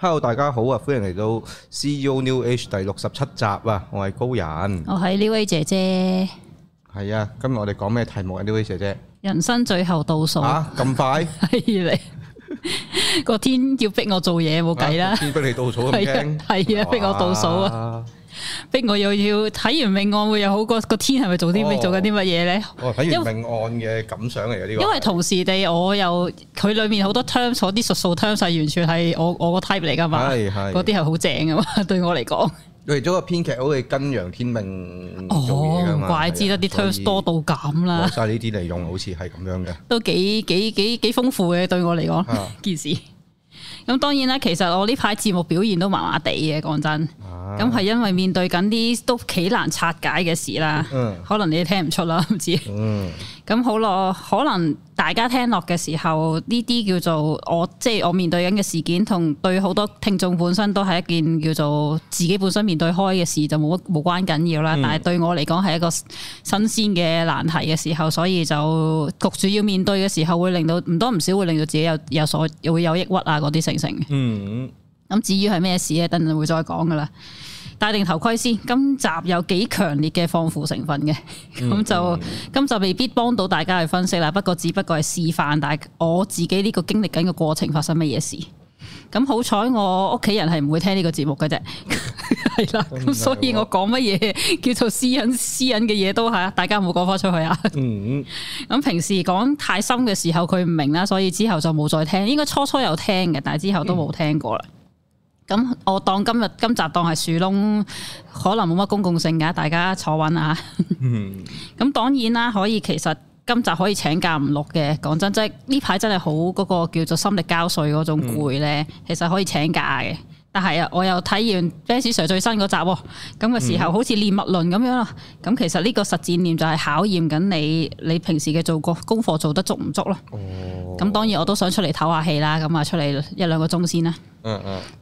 Hello 大家好啊！歡迎嚟到 CEO New Age 第六十七集啊！我係高人，我係 New Age 姐姐。係啊，今日我哋講咩題目啊 New Age 姐姐，人生最後倒數啊！咁快，係你個天要逼我做嘢冇計啦！啊、天逼你倒數啊！係啊，哇逼我倒數啊！逼我又要睇完命案，會又好過個天係咪做啲咩、哦、做緊啲乜嘢咧？睇、哦、完命案嘅感想嚟嘅呢個， 因為同時地我又佢裏面好多 terms，我啲術數 terms 係完全係我我個 type 嚟噶嘛，嗰啲係好正噶嘛，對我嚟講，嚟咗個編劇好似跟楊天命做怪之得啲 terms 是以多到咁啦，攞晒呢啲嚟用，好似係咁樣嘅，都幾幾幾幾豐富嘅，對我嚟講，件事。咁當然啦，其實我呢排節目表現都麻麻地嘅，講真。咁係、啊、因為面對緊啲都幾難拆解嘅事啦，嗯、可能你聽唔出啦，唔知。嗯 咁好咯，可能大家聽落嘅時候，呢啲叫做我即係、就是、我面對緊嘅事件，同對好多聽眾本身都係一件叫做自己本身面對開嘅事，就冇冇關緊要啦。但係對我嚟講係一個新鮮嘅難題嘅時候，所以就焗住要面對嘅時候，會令到唔多唔少會令到自己有有所又會有抑鬱啊嗰啲成成嘅。嗯，咁至於係咩事咧？等陣會，會再講噶啦。戴定頭盔先，今集有幾強烈嘅放負成分嘅，咁就、嗯、今集未必幫到大家去分析啦。嗯、不過，只不過係示範，但我自己呢個經歷緊嘅過程發生乜嘢事。咁好彩，我屋企人係唔會聽呢個節目嘅啫，係啦、嗯。咁 了所以我講乜嘢叫做私隱私隱嘅嘢都係，大家唔好講翻出去啊。 嗯，咁平時講太深嘅時候，佢唔明啦，所以之後就冇再聽。應該初初有聽嘅，但係之後都冇聽過啦。嗯咁我當今日今集當係樹窿，可能冇乜公共性㗎，大家坐穩啊！咁 當然啦，可以其實今集可以請假唔錄嘅。講真即係呢排真係好嗰個叫做心力交瘁嗰種攰咧，嗯、其實可以請假嘅。.係啊，啊，我又睇完《Ben Sir》最新嗰集，咁、這、嘅、個、時候好似練物論咁樣啦。咁、嗯、其實呢個實戰念就係考驗緊你，你平時嘅做過功課做得足唔足咯。咁、哦、當然我都想出嚟唞下氣啦，咁啊出嚟一兩個鐘先啦。嗯，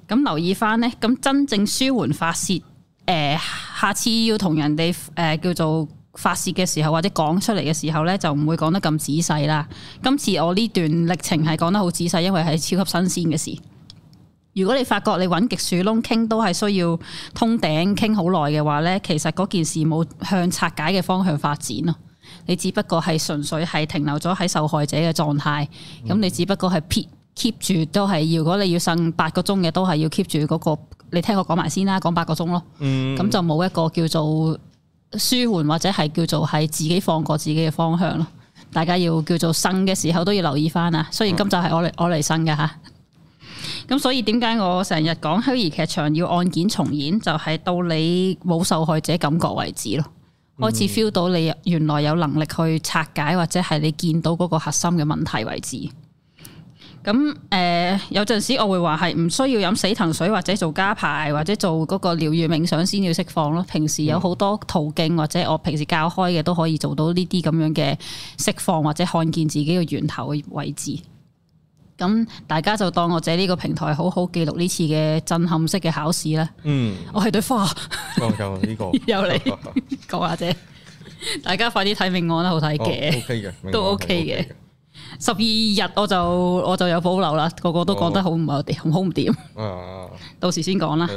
咁留意翻呢，咁真正舒緩發泄，誒、呃，下次要同人哋誒、呃、叫做發泄嘅時候，或者講出嚟嘅時候呢，就唔會講得咁仔細啦。今次我呢段歷程係講得好仔細，因為係超級新鮮嘅事。如果你發覺你揾極樹窿傾都係需要通頂傾好耐嘅話咧，其實嗰件事冇向拆解嘅方向發展咯。你只不過係純粹係停留咗喺受害者嘅狀態，咁你只不過係 keep keep 住都係。如果你要呻八個鐘嘅，都係要 keep 住嗰個。你聽我講埋先啦，講八個鐘咯。嗯。咁就冇一個叫做舒緩或者係叫做係自己放過自己嘅方向咯。大家要叫做呻嘅時候都要留意翻啊。雖然今集係我嚟我嚟呻噶吓。咁所以點解我成日講虛擬劇場要案件重演，就係、是、到你冇受害者感覺為止咯，開始 feel 到你原來有能力去拆解或者係你見到嗰個核心嘅問題為止。咁誒、呃，有陣時我會話係唔需要飲死藤水或者做加排或者做嗰個療癒冥想先要釋放咯。平時有好多途徑或者我平時教開嘅都可以做到呢啲咁樣嘅釋放或者看見自己嘅源頭嘅位置。咁大家就當我借呢個平台好好記錄呢次嘅震撼式嘅考試啦。嗯，我係對科學。呢哇、這個。又嚟講下啫，大家快啲睇命案都好睇嘅，哦、okay 都 OK 嘅。十二日我就我就有保留啦，個個都講得好唔好點，好唔掂。啊、 到時的先講啦。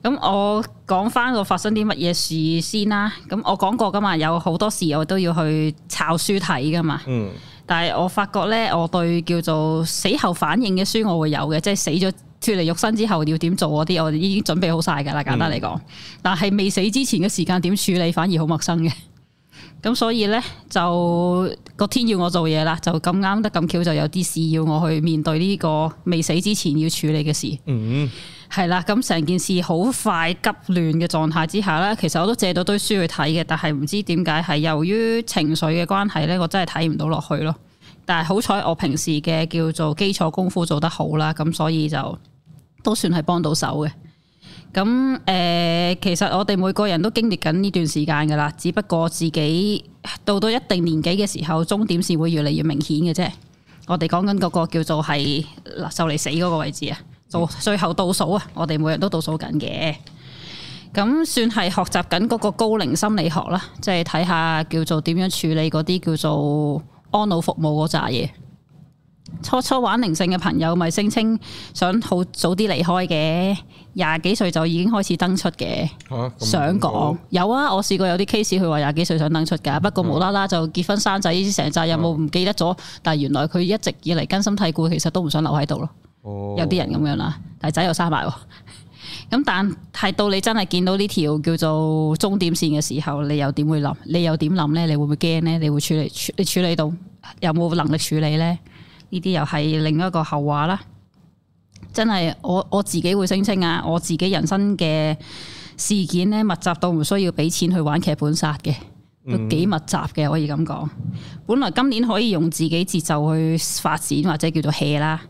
咁我講翻我發生啲乜嘢事先啦。咁我講過噶嘛，有好多時我都要去抄書睇噶嘛。嗯。但係我發覺咧，我對叫做死後反應嘅書我會有嘅，即係死咗脫離肉身之後要點做嗰啲，我已經準備好晒噶啦，簡單嚟講。但係未死之前嘅時間點處理，反而好陌生嘅。咁 所以咧，就個天要我做嘢啦，就咁啱得咁巧，就有啲事要我去面對呢個未死之前要處理嘅事。嗯。係啦，咁成件事好快急亂嘅狀態之下呢，其實我都借到堆書去睇嘅，但係唔知點解係由於情緒嘅關係呢，我真係睇唔到落去咯。但係好彩我平時嘅叫做基礎功夫做得好啦，咁所以就都算係幫到手嘅。咁、嗯、誒、呃，其實我哋每個人都經歷緊呢段時間噶啦，只不過自己到到一定年紀嘅時候，終點線會越嚟越明顯嘅啫。我哋講緊嗰個叫做係就嚟死嗰個位置啊！做最後倒數啊！我哋每人都倒數緊嘅，咁算係學習緊嗰個高齡心理學啦，即係睇下叫做點樣處理嗰啲叫做安老服務嗰扎嘢。初初玩靈性嘅朋友聲稱，咪聲稱想好早啲離開嘅，廿幾歲就已經開始登出嘅，啊、想講有啊！我試過有啲 case，佢話廿幾歲想登出噶，不過無啦啦就結婚生仔，成扎任務唔記得咗，啊、但係原來佢一直以嚟根深蒂固，其實都唔想留喺度咯。有啲人咁樣啦，但仔又生埋，咁 但係到你真係見到呢條叫做終點線嘅時候，你又點會諗？你又點諗呢？你會唔會驚呢？你會處理？你處理到有冇能力處理呢？呢啲又係另一個後話啦。真係我我自己會聲稱啊，我自己人生嘅事件呢，密集到唔需要俾錢去玩劇本殺嘅，都幾密集嘅，可以咁講。嗯、本來今年可以用自己節奏去發展或者叫做 hea 啦。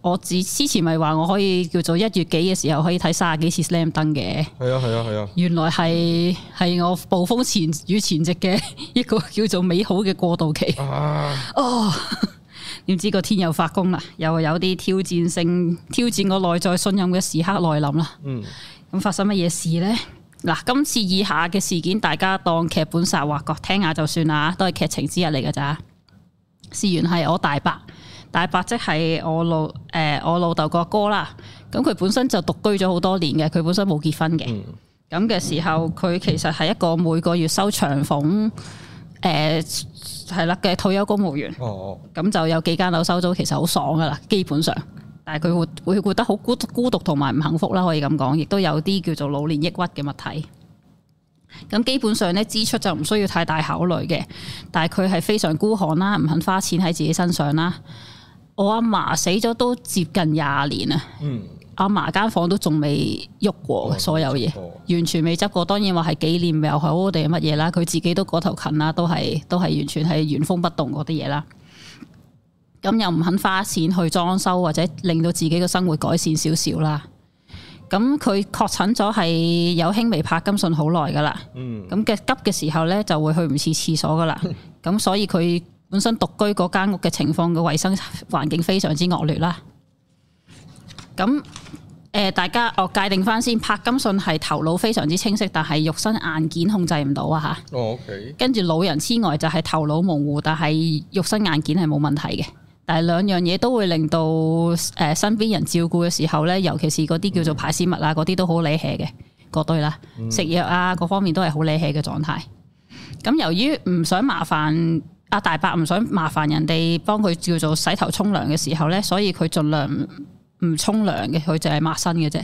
我之之前咪話我可以叫做一月幾嘅時候可以睇卅幾次 slam 登嘅，係啊係啊係啊，啊啊原來係係我暴風雨前，前夕嘅一個叫做美好嘅過渡期。哦、啊，點、oh, 知個天又發功啦，又有啲挑戰性挑戰我內在信任嘅時刻來臨啦。咁、嗯、發生乜嘢事呢？嗱，今次以下嘅事件，大家當劇本殺話角聽下就算啦，都係劇情之一嚟嘅咋。事緣係我大伯。大伯即係我老誒、呃、我老豆個哥啦，咁佢本身就獨居咗好多年嘅，佢本身冇結婚嘅，咁嘅、嗯、時候佢其實係一個每個月收長俸誒係啦嘅退休公務員，咁、哦、就有幾間樓收租，其實好爽噶啦，基本上，但係佢會會覺得好孤孤獨同埋唔幸福啦，可以咁講，亦都有啲叫做老年抑鬱嘅物體。咁基本上咧支出就唔需要太大考慮嘅，但係佢係非常孤寒啦，唔肯花錢喺自己身上啦。我阿嫲死咗都接近廿年啦，阿嫲間房都仲未喐過，所有嘢完全未執過。當然話係紀念又好定乜嘢啦，佢自己都嗰頭近啦，都係都係完全係原封不動嗰啲嘢啦。咁又唔肯花錢去裝修或者令到自己嘅生活改善少少啦。咁佢確診咗係有輕微柏金遜好耐噶啦，咁嘅、嗯、急嘅時候咧就會去唔切廁所噶啦，咁、嗯、所以佢。 本身獨居嗰間屋嘅情況嘅衞生環境非常之惡劣啦。咁誒、呃，大家我界定翻先，柏金遜係頭腦非常之清晰，但係肉身硬件控制唔到啊！吓、哦，跟、okay、住老人痴呆、呃、就係頭腦模糊，但係肉身硬件係冇問題嘅。但係兩樣嘢都會令到誒、呃、身邊人照顧嘅時候咧，尤其是嗰啲叫做排泄物啊嗰啲都好理氣嘅，嗰、嗯、對啦，食藥啊各方面都係好理氣嘅狀態。咁由於唔想麻煩。阿大伯唔想麻煩人哋幫佢叫做洗頭沖涼嘅時候咧，所以佢盡量唔沖涼嘅，佢淨係抹身嘅啫。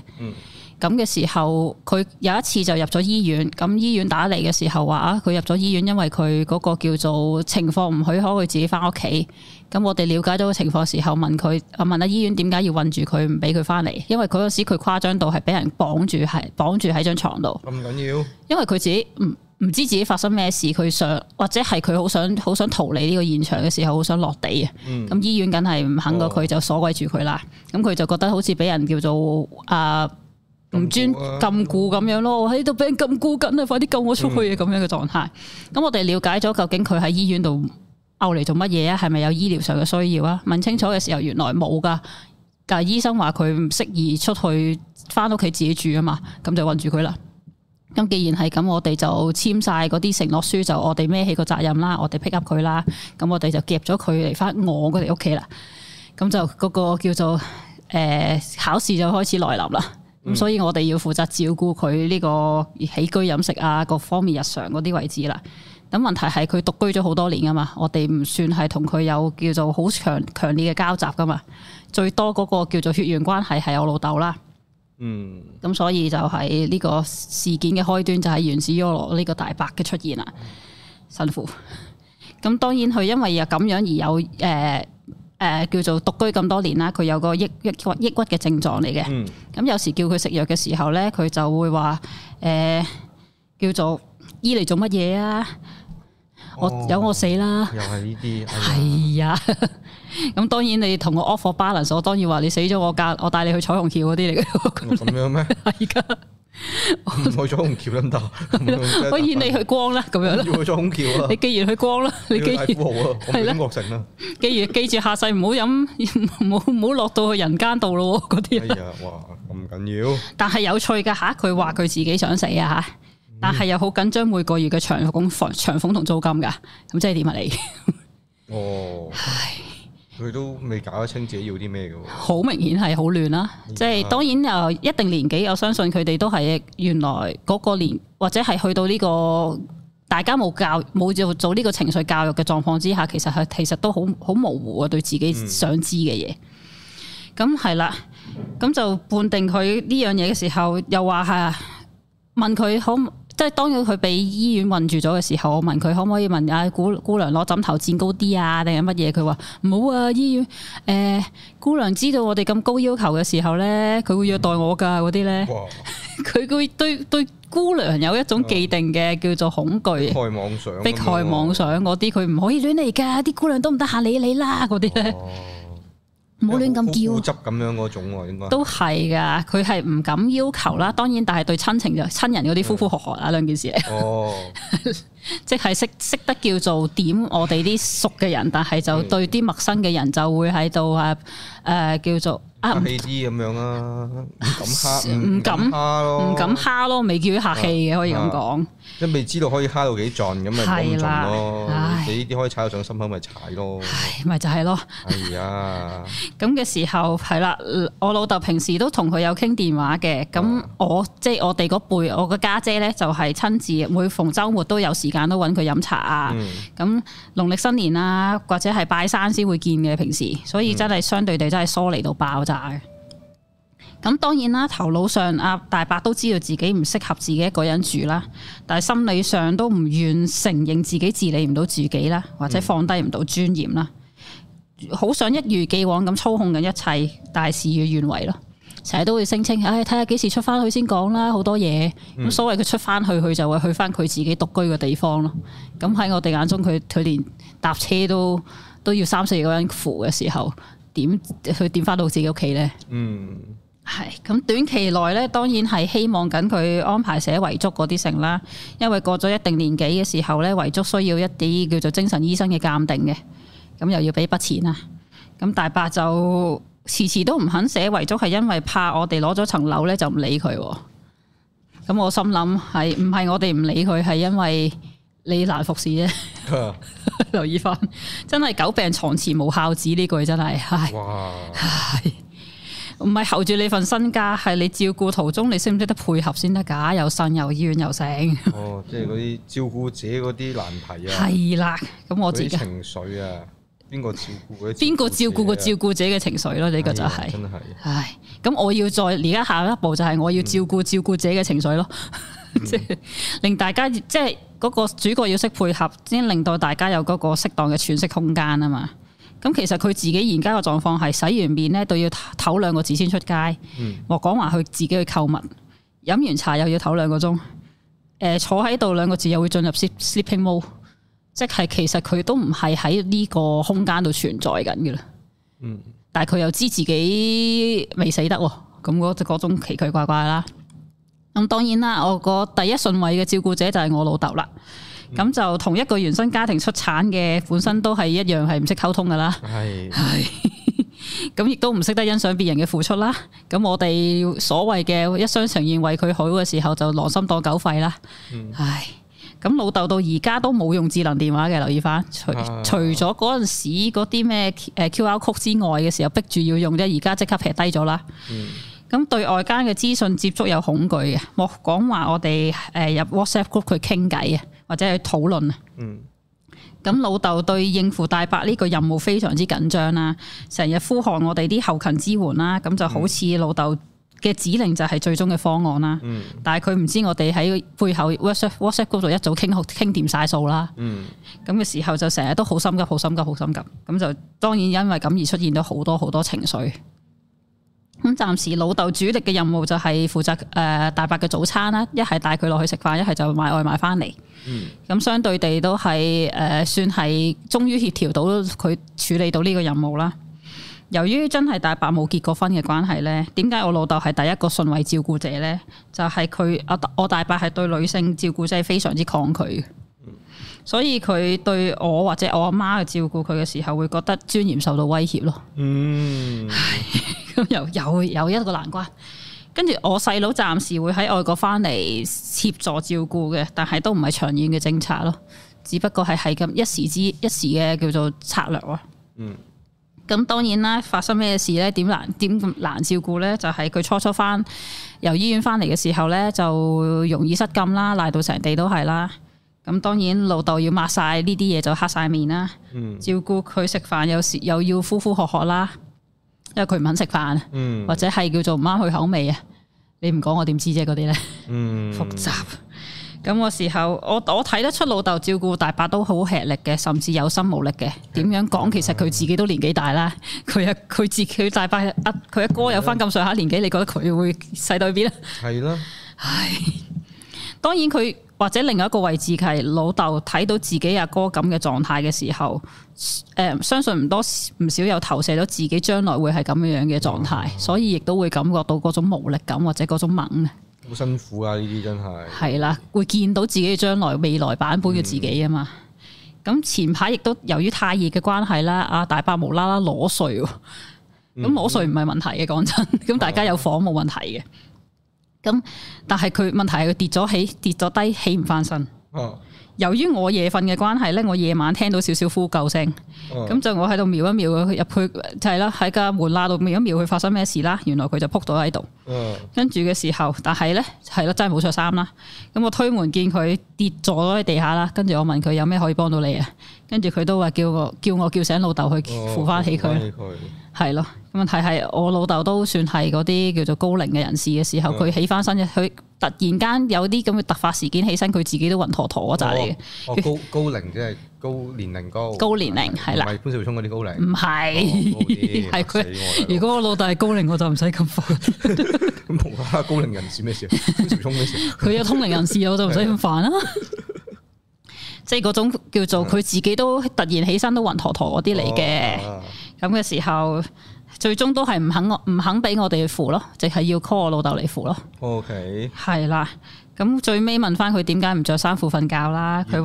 咁嘅、嗯、時候，佢有一次就入咗醫院。咁醫院打嚟嘅時候話啊，佢入咗醫院，因為佢嗰個叫做情況唔許可，佢自己翻屋企。咁我哋了解到個情況時候問佢，我問下醫院點解要困住佢，唔俾佢翻嚟？因為嗰時佢誇張到係俾人綁住，係綁住喺張床度。咁緊要？因為佢自己、嗯唔知自己發生咩事，佢想或者係佢好想好想逃離呢個現場嘅時候，好想落地啊！咁、嗯、醫院梗係唔肯過佢，哦、就鎖鬼住佢啦。咁佢就覺得好似俾人叫做啊唔尊禁錮咁、啊、樣咯，我喺度俾人禁錮緊啊，快啲救我出去啊！咁、嗯、樣嘅狀態。咁我哋了解咗究竟佢喺醫院度拗嚟做乜嘢啊？係咪有醫療上嘅需要啊？問清楚嘅時候，原來冇噶，但係醫生話佢唔適宜出去翻屋企自己住啊嘛，咁就困住佢啦。咁既然係咁，我哋就簽晒嗰啲承諾書，就我哋孭起個責任啦，我哋 pick up 佢啦。咁我哋就夾咗佢嚟翻我哋屋企啦。咁就嗰個叫做誒、呃、考試就開始來臨啦。咁所以我哋要負責照顧佢呢個起居飲食啊，各方面日常嗰啲位置啦。咁問題係佢獨居咗好多年噶嘛，我哋唔算係同佢有叫做好強強烈嘅交集噶嘛。最多嗰個叫做血緣關係係我老豆啦。嗯，咁所以就喺呢個事件嘅開端就係原始咗羅呢個大白嘅出現啦，辛苦咁 當然佢因為又咁樣而有誒誒、呃呃、叫做獨居咁多年啦，佢有個抑抑鬱抑鬱嘅症狀嚟嘅。咁、嗯、有時叫佢食藥嘅時候咧，佢就會話誒、呃、叫做醫嚟做乜嘢啊？我有我死啦，又係呢啲，係呀。咁當然你同我 offer balance，我當然話你死咗我夾，我帶你去彩虹橋嗰啲嚟嘅。咁樣咩？而家我去彩虹橋得唔得？可以你去光啦，咁樣啦。去彩虹橋啊！你既然去光啦，你既然中國城啦，記住記住下世唔好飲，唔好唔好落到去人間度咯，嗰啲。哎呀，哇！咁緊要？但係有趣噶吓，佢話佢自己想死啊吓。但係又好緊張每個月嘅長工房長房同租金噶，咁即係點啊你？哦， 唉，佢都未搞得清自己要啲咩嘅。好明顯係好亂啦，即係 Yeah. 當然又一定年紀，我相信佢哋都係原來嗰個年或者係去到呢、這個大家冇教冇做做呢個情緒教育嘅狀況之下，其實係其實都好好模糊啊，對自己想知嘅嘢。咁係啦，咁、啊、就判定佢呢樣嘢嘅時候，又話係問佢好。即當然佢俾醫院困住咗嘅時候，我問佢可唔可以問阿、啊、姑姑娘攞枕頭墊高啲啊，定係乜嘢？佢話唔好啊，醫院誒、呃，姑娘知道我哋咁高要求嘅時候咧，佢會虐待我噶嗰啲咧。佢、嗯、會對對姑娘有一種既定嘅叫做恐懼，啊、迫害妄想，迫害妄想嗰啲，佢唔可以亂嚟噶。啲姑娘都唔得閒理你啦，嗰啲咧。唔好亂咁叫、啊，執咁樣嗰種喎，應該都係㗎，佢係唔敢要求啦。嗯、當然，但係對親情就親人嗰啲呼呼喝喝啊，兩件事，哦，即係識識得叫做點我哋啲熟嘅人， 但係就對啲陌生嘅人就會喺度啊誒叫做。客氣啲咁樣啦，唔敢蝦咯，唔敢蝦咯，未叫佢客氣嘅，可以咁講。即係未知道可以蝦到幾盡咁咪冇盡咯。你呢啲可以踩到上心口，咪踩咯。咪就係咯。係啊，咁嘅時候係啦，我老豆平時都同佢有傾電話嘅。咁我即係我哋嗰輩，我個家姐咧就係親自，每逢週末都有時間都揾佢飲茶啊。咁農曆新年啊，或者係拜山先會見嘅。平時所以真係相對地真係疏離到爆咁當然啦，頭腦上阿大伯都知道自己唔適合自己一個人住啦，但係心理上都唔願承認自己自理唔到自己啦，或者放低唔到尊嚴啦，好、嗯、想一如既往咁操控緊一切，但係事與願違咯，成日都會聲稱，唉、哎，睇下幾時出翻去先講啦，好多嘢。咁所謂佢出翻去，佢就會去翻佢自己獨居嘅地方咯，咁喺我哋眼中，佢佢連搭車都都要三四個人扶嘅時候。點去點翻到自己屋企呢？嗯，係咁短期內咧，當然係希望緊佢安排寫遺囑嗰啲成啦。因為過咗一定年紀嘅時候咧，遺囑需要一啲叫做精神醫生嘅鑑定嘅，咁又要俾筆錢啊。咁大伯就遲遲都唔肯寫遺囑，係因為怕我哋攞咗層樓咧就唔理佢啊。咁我心諗，係唔係我哋唔理佢係因為你難服侍啫？嗯留意翻，真係久病床前無孝子呢句真係，唉，唔係候住你份身家？係你照顧途中，你識唔識得配合先得噶？又腎又醫院又醒哦，即係嗰啲照顧者嗰啲難題啊！係啦、嗯，咁我自己情緒啊，邊個照顧？邊個照顧個照顧者嘅情緒咯？呢唉個就係、是、真係是，唉！咁我要再而家下一步就係我要照顧照顧者嘅情緒咯。嗯即 令大家即係嗰個主角要識配合，先令到大家有嗰個適當嘅喘息空間啊嘛。咁其實佢自己而家嘅狀況係洗完面咧，都要唞兩個字先出街。嗯、莫講話佢自己去購物，飲完茶又要唞兩個鐘。誒、呃，坐喺度兩個字又會進入 sleeping mode，即係其實佢都唔係喺呢個空間度存在緊嘅、嗯、啦。嗯，但係佢又知自己未死得，咁嗰嗰種奇奇怪怪啦。咁當然啦，我個第一順位嘅照顧者就係我老豆啦。咁就同一個原生家庭出產嘅，本身都係一樣係唔識溝通噶啦。係是，咁 亦都唔識得欣賞別人嘅付出啦。咁我哋所謂嘅一廂情願為佢好嘅時候，就狼心當狗肺啦。嗯、唉，咁老豆到而家都冇用智能電話嘅，留意翻。除、啊、除咗嗰陣時嗰啲咩誒 QR Code 之外嘅時候，逼住要用啫。而家即刻劈低咗啦。嗯咁對外間嘅資訊接觸有恐懼嘅，莫我講話我哋誒入 WhatsApp group 去傾偈啊，或者去討論啊。嗯。咁老豆對應付大伯呢個任務非常之緊張啦，成日呼喊我哋啲後勤支援啦，咁、嗯、就好似老豆嘅指令就係最終嘅方案啦。嗯、但係佢唔知我哋喺背後 WhatsApp WhatsApp group 度一早傾好傾掂晒數啦。嗯。咁嘅時候就成日都好心急、好心急、好心急，咁就當然因為咁而出現咗好多好多情緒。咁暫時老豆主力嘅任務就係負責誒、呃、大伯嘅早餐啦，一係帶佢落去食飯，一係就買外賣翻嚟。咁、嗯、相對地都係誒、呃、算係終於協調到佢處理到呢個任務啦。由於真係大伯冇結過婚嘅關係呢，點解我老豆係第一個順位照顧者呢？就係佢阿我大伯係對女性照顧者非常之抗拒。所以佢對我或者我阿媽去照顧佢嘅時候，會覺得尊嚴受到威脅咯。嗯，咁又又有一個難關。跟住我細佬暫時會喺外國翻嚟協助照顧嘅，但係都唔係長遠嘅政策咯。只不過係係咁一時之一時嘅叫做策略咯。咁當然啦，發生咩事咧？點難點難照顧咧？就係佢初初翻由醫院翻嚟嘅時候咧，就容易失禁啦，瀨到成地都係啦。咁當然老豆要抹晒呢啲嘢就黑晒面啦，嗯、照顧佢食飯有時又要呼呼喝喝啦，因為佢唔肯食飯，嗯、或者係叫做唔啱佢口味啊，你唔講我點知啫，嗰啲咧， 複雜。咁、那、我、個、時候我我睇得出老豆照顧大伯都好吃力嘅，甚至有心無力嘅。點樣講其實佢自己都年紀大啦，佢啊佢自佢大伯一佢阿哥有翻咁上下年紀，的你覺得佢會細到邊啊？係囉的，唉。當然佢或者另一個位置佢係老豆睇到自己阿哥咁嘅狀態嘅時候，誒、呃，相信唔多唔少有投射到自己將來會係咁樣樣嘅狀態，嗯、所以亦都會感覺到嗰種無力感或者嗰種猛啊，好辛苦啊！呢啲真係係啦，會見到自己嘅將來未來版本嘅自己啊嘛。咁、嗯、前排亦都由於太熱嘅關係啦，阿大伯無啦啦攞稅，咁攞稅唔係問題嘅，講真，咁大家有房冇問題嘅。咁，但係佢問題係佢跌咗起，跌咗低，起唔翻身。啊、由於我夜瞓嘅關係咧，我夜晚聽到少少呼救聲。哦、啊。咁就我喺度瞄一瞄佢入去，就係、是、啦，喺個門罅度瞄一瞄佢發生咩事啦。原來佢就扑到喺度。啊、跟住嘅時候，但係咧係咯，真係冇着衫啦。咁我推門見佢跌咗喺地下啦。跟住我問佢有咩可以幫到你啊？跟住佢都話叫個叫我叫醒老豆去扶翻起佢。扶翻起佢。係咯。問題係我老豆都算係嗰啲叫做高齡嘅人士嘅時候，佢起翻身，佢突然間有啲咁嘅突發事件，起身佢自己都暈陀陀嗰陣嘅。哦，高高齡即係高年齡高。高年齡係啦。唔係潘紹聰嗰啲高齡。唔係，係佢。如果我老豆係高齡，我就唔使咁煩。冇啦，高齡人士咩事？潘紹聰咩事？佢有通靈人士，我就唔使咁煩啦。即係嗰種叫做佢自己都突然起身都暈陀陀嗰啲嚟嘅，咁嘅時候。最終都係唔肯，肯我唔肯俾我哋扶咯，淨係要 call 我老豆嚟扶咯。O K，係啦，咁最尾問翻佢點解唔着衫褲瞓覺啦？佢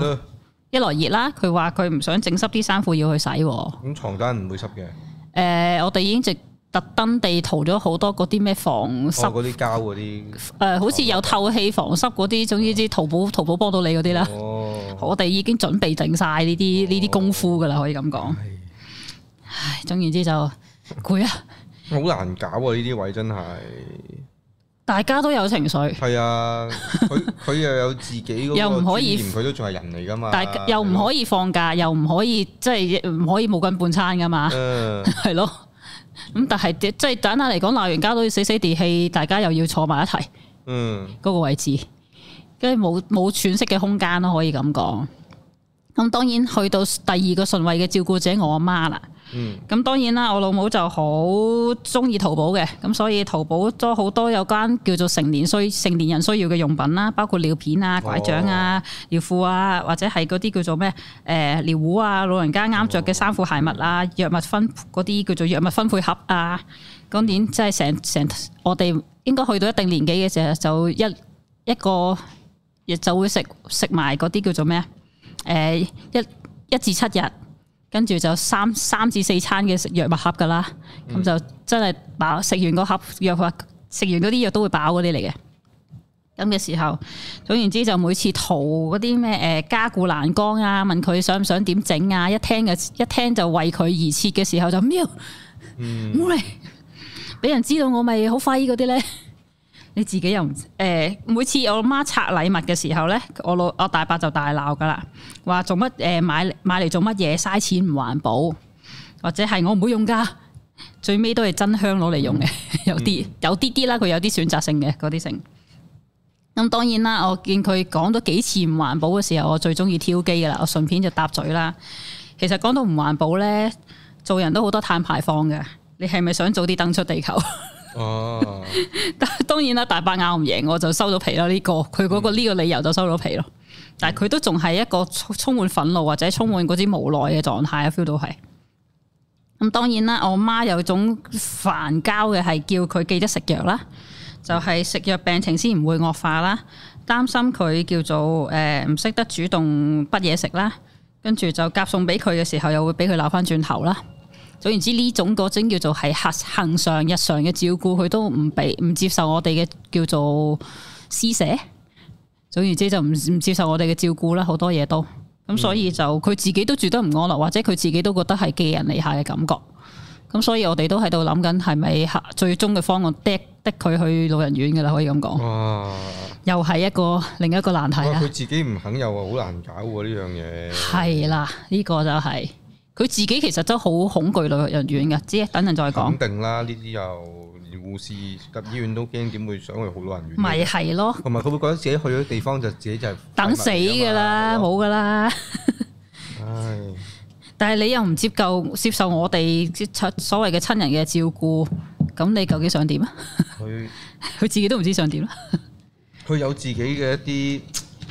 一來熱啦，佢話佢唔想整濕啲衫褲，要去洗。咁、嗯、床單唔會濕嘅。誒、呃，我哋已經直特登地塗咗好多嗰啲咩防濕嗰啲膠嗰啲。誒、哦呃，好似有透氣防濕嗰啲，哦、總之淘寶淘寶幫到你嗰啲啦。哦，哦我哋已經準備整晒呢啲呢啲功夫噶啦，可以咁講。係、哎，唉，總言之就。攰一啊！好難搞啊！呢啲位真係，大家都有情緒。係一啊，佢佢又有自己個一，又唔可以，佢都仲係人嚟噶嘛？大又唔可以放假，的又唔可以即係唔可以冇根半餐噶嘛？係咯、嗯。咁但係即係簡單嚟講，鬧完交都要死死地氣，大家又要坐埋一齊。嗯，嗰個位置，跟住冇冇喘息嘅空間咯，可以咁講。咁當然去到第二個順位嘅照顧者，我阿媽啦。咁、嗯、當然啦，我老母就好中意淘寶嘅，咁所以淘寶都好多有關叫做成年需成年人需要嘅用品啦，包括尿片啊、拐杖啊、尿褲啊，或者係嗰啲叫做咩？誒尿壺啊、老人家啱着嘅衫褲鞋襪啊，嗯、藥物分嗰啲叫做藥物分配盒啊。嗰年即係成成我哋應該去到一定年紀嘅時候，就一一個亦就會食食埋嗰啲叫做咩？誒、呃，一一至七日，跟住就三三至四餐嘅藥物盒噶啦，咁、嗯、就真係飽食完嗰盒藥或食完嗰啲藥都會飽嗰啲嚟嘅。咁嘅時候，總言之就每次塗嗰啲咩誒加固欄杆啊，問佢想唔想點整啊，一聽就一聽就為佢而設嘅時候就喵，唔俾、嗯、 人知道我咪好快嗰啲咧。你自己又唔？誒、欸，每次我媽拆禮物嘅時候咧，我老我大伯就大鬧噶啦，話做乜？誒，買買嚟做乜嘢？嘥錢唔環保，或者係我唔會用噶。最尾都係真香攞嚟用嘅、嗯， 有啲有啲啲啦，佢有啲選擇性嘅嗰啲性。咁當然啦，我見佢講咗幾次唔環保嘅時候，我最中意挑機噶啦，我順便就搭嘴啦。其實講到唔環保咧，做人都好多碳排放嘅，你係咪想早啲登出地球？哦， 當然啦，大伯拗唔贏，我就收咗皮啦。呢、呢個佢嗰個呢個理由就收咗皮咯。但係佢都仲係一個充滿憤怒或者充滿嗰啲無奈嘅狀態啊，feel 到係。咁當然啦，我媽有種煩交嘅係叫佢記得食藥啦，就係食藥病情先唔會惡化啦。擔心佢叫做誒唔識得主動不嘢食啦，跟住就夾餸俾佢嘅時候又會俾佢鬧翻轉頭啦。總言之，呢種嗰種叫做係行行上日常嘅照顧，佢都唔俾唔接受我哋嘅叫做施捨。總言之就，就唔唔接受我哋嘅照顧啦，好多嘢都咁，所以就佢自己都住得唔安樂，或者佢自己都覺得係寄人籬下嘅感覺。咁所以我哋都喺度諗緊，係咪最終嘅方案，逼逼佢去老人院噶啦，可以咁講。哇！又係一個另一個難題啊，佢自己唔肯又啊，好難搞啊呢樣嘢。係啦，呢、這個就係、是。佢自己其實都好恐懼旅遊醫院嘅，知？等陣再講。肯定啦，呢啲又連護士及醫院都驚，點會想去好多人院？咪係咯。同埋佢會覺得自己去咗地方就自己就等死噶啦，冇噶啦。的 唉！但係你又唔接夠，接受我哋啲親所謂嘅親人嘅照顧，咁你究竟想點啊？佢 佢他自己都唔知想點啊。佢 有自己嘅一啲即。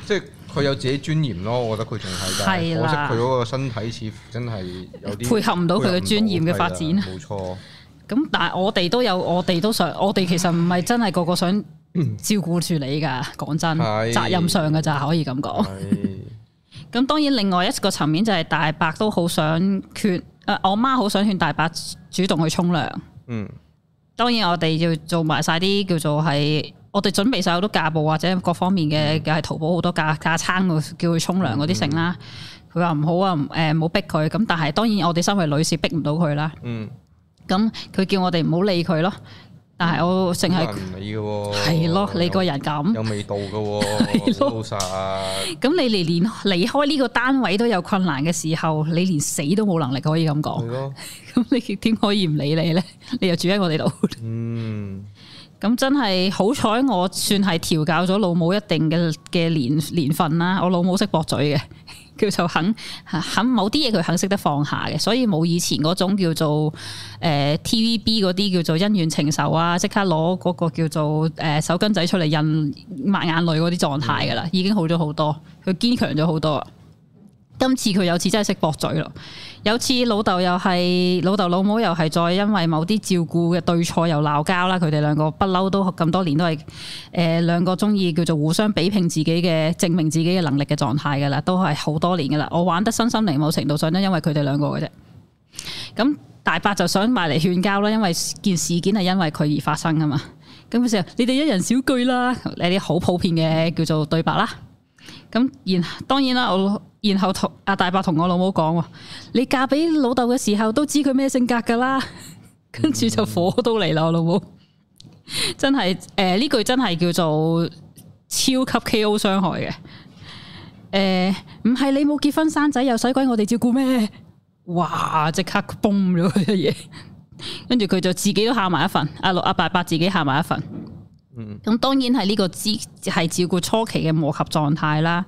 就是佢有自己尊嚴咯，我覺得佢仲係可惜佢嗰個身體似乎真係有啲配合唔到佢嘅尊嚴嘅發展。冇錯，咁但係我哋都有，我哋都想，我哋其實唔係真係個個想照顧住你噶，講真，的責任上嘅咋可以咁講。咁的 當然另外一個層面就係大伯都好想勸，誒、呃、我媽好想勸大伯主動去沖涼。嗯，當然我哋要做埋晒啲叫做係。我哋準備晒好多架步，或者各方面嘅，又係、嗯、淘寶、嗯、好多架架撐叫佢沖涼嗰啲剩啦。佢話唔好啊，誒，唔好逼佢。咁但係當然我哋身為女士逼唔到佢啦。嗯。咁佢叫我哋唔好理佢、哦、咯。但係我淨係唔理嘅。係咯，你個人咁有，有味道嘅。老實。咁你哋連離開呢個單位都有困難嘅時候，你連死都冇能力可以咁講。咁咯你點可以唔理你咧？你又住喺我哋度。嗯。.咁真係好彩，我算係調教咗老母一定嘅嘅年年份啦。我老母識駁嘴嘅，佢就肯肯某啲嘢，佢肯識得放下嘅，所以冇以前嗰種叫做誒、呃、TVB 嗰啲叫做恩怨情仇啊，即刻攞嗰個叫做誒、呃、手巾仔出嚟印抹眼淚嗰啲狀態㗎喇，已經好咗好多，佢堅強咗好多。今次佢有次真係識駁嘴咯，有次老豆又係老豆，老母又係再因為某啲照顧嘅對錯又鬧交啦，佢哋兩個不嬲都咁多年都係誒、呃、兩個中意叫做互相比拼自己嘅證明自己嘅能力嘅狀態噶啦，都係好多年噶啦，我玩得身心靈某程度上都因為佢哋兩個嘅啫。咁大伯就想埋嚟勸交啦，因為件事件係因為佢而發生噶嘛。咁於是你哋一人少句啦，你啲好普遍嘅叫做對白啦。咁然當然啦，我然後同阿大伯同我老母講，你嫁俾老豆嘅時候都知佢咩性格㗎啦。跟 住就火都嚟啦，我老母！ 真係誒、呢、呃、句真係叫做超級 K.O. 傷害嘅。誒、呃，唔係你冇結婚生仔又使鬼我哋照顧咩？哇！即刻崩咗佢嘅嘢，跟住佢就自己都喊埋一份。阿六阿伯伯自己喊埋一份。咁當然係呢個係照顧初期嘅磨合狀態啦。